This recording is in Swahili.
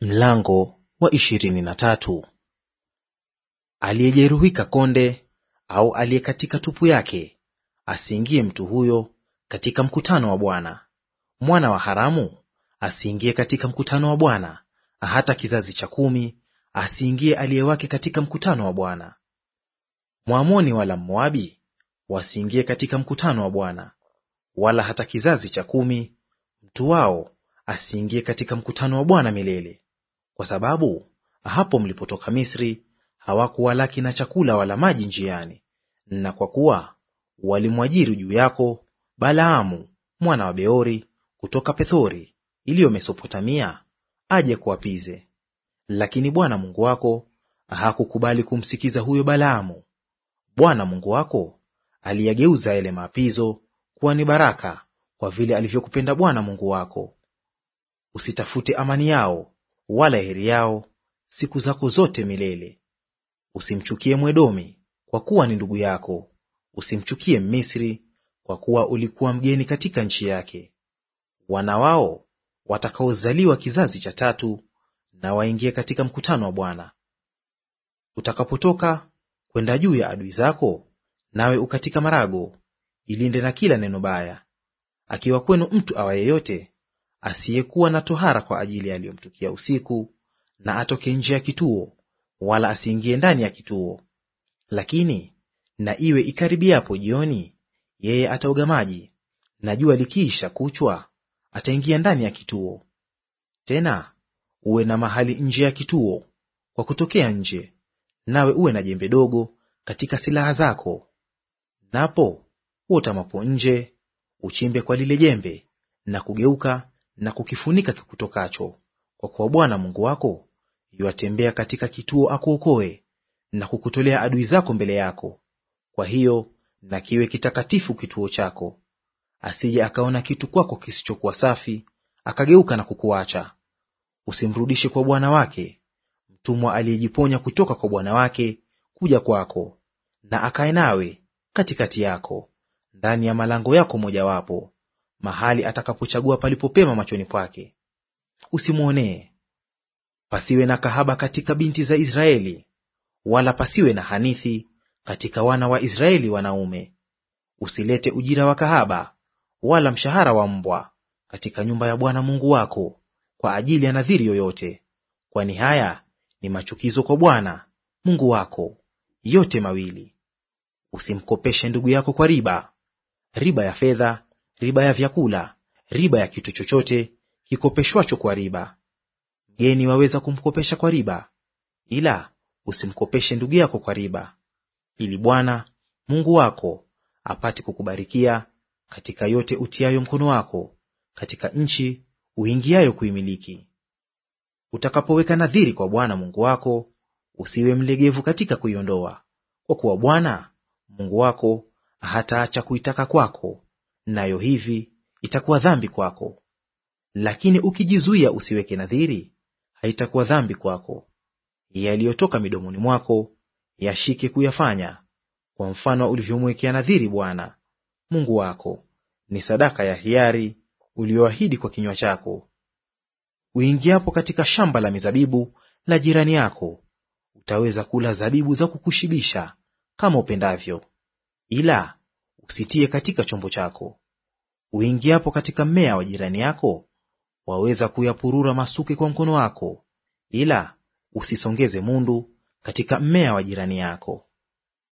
Mlango wa ishirini na tatu. Aliyejeruhika konde au aliyekatika tupu yake asiingie mtu huyo katika mkutano wa Bwana. Mwana wa haramu asiingie katika mkutano wa Bwana, hata kizazi cha kumi asiingie aliyewake katika mkutano wa Bwana. Mwamoni wala Mmoabi wasiingie katika mkutano wa Bwana, wala hata kizazi cha kumi mtu wao asiingie katika mkutano wa Bwana milele kwa sababu hapo mlipotoka Misri hawakuwalaki na chakula wala maji njiani, na kwa kuwa walimwajiri juu yako Balaamu mwana wa Beori kutoka Pethori iliyo Mesopotamia aje kuwapize. Lakini Bwana Mungu wako hakukubali kumsikiza huyo Balaamu. Bwana Mungu wako aliyageuza yale maapizo kuwa ni baraka, kwa vile alivyokupenda Bwana Mungu wako. Usitafute amani yao wala heri yao siku zako zote milele. Usimchukie Mwedomi kwa kuwa ni ndugu yako, usimchukie Misri kwa kuwa ulikuwa mgeni katika nchi yake. Wana wao watakaozaliwa kizazi cha tatu na waingie katika mkutano wa Bwana. Utakapotoka kwenda juu ya adui zako, nawe ukatika marago, ilinde na kila neno baya. Akiwa kwenu mtu awa yeyote asiyekuwa na tohara kwa ajili aliyomtukia usiku, na atoke nje ya kituo, wala asiingie ndani ya kituo. Lakini na iwe ikaribiapo jioni, yeye ataoga maji, na jua likiisha kuchwa ataingia ndani ya kituo. Tena uwe na mahali nje ya kituo kwa kutokea nje, nawe uwe na jembe dogo katika silaha zako. Napo uotamapo nje, uchimbe kwa lile jembe na kugeuka na kukifunika kikutokacho, kwa kuwa Bwana Mungu wako yuatembea katika kituo akuokoe na kukutolea adui zako mbele yako. Kwa hiyo na kiwe kitakatifu kituo chako, asije akaona kitu kwako kisichokuwa safi, akageuka na kukuacha. Usimrudishe kwa bwana wake mtumwa aliyejiponya kutoka kwa bwana wake kuja kwako, na akae nawe katikati yako ndani ya malango yako mojawapo mahali atakapochagua palipopema machoni pake. Usimwonee. Pasiwe na kahaba katika binti za Israeli, wala pasiwe na hanithi katika wana wa Israeli wanaume. Usilete ujira wa kahaba wala mshahara wa mbwa katika nyumba ya Bwana Mungu wako kwa ajili ya nadhiri yoyote, kwani haya ni machukizo kwa Bwana Mungu wako yote mawili. Usimkopeshe ndugu yako kwa riba, riba ya fedha riba ya vyakula, riba ya kitu chochote kikopeshwacho kwa riba. Mgeni waweza kumkopesha kwa riba, ila usimkopeshe ndugu yako kwa riba, ili Bwana Mungu wako apate kukubarikia katika yote utiayo mkono wako katika nchi uingiayo kuimiliki. Utakapoweka nadhiri kwa Bwana Mungu wako, usiwe mlegevu katika kuiondoa, kwa kuwa Bwana Mungu wako hataacha kuitaka kwako nayo hivi itakuwa dhambi kwako. Lakini ukijizuia usiweke nadhiri, haitakuwa dhambi kwako. Yaliyotoka midomoni mwako yashike kuyafanya, kwa mfano ulivyomwekea nadhiri Bwana Mungu wako; ni sadaka ya hiari uliyoahidi kwa kinywa chako. Uingiapo katika shamba la mizabibu la jirani yako, utaweza kula zabibu za kukushibisha kama upendavyo, ila usitie katika chombo chako. Uingiapo katika mmea wa jirani yako, waweza kuyapurura masuke kwa mkono wako, ila usisongeze mundu katika mmea wa jirani yako.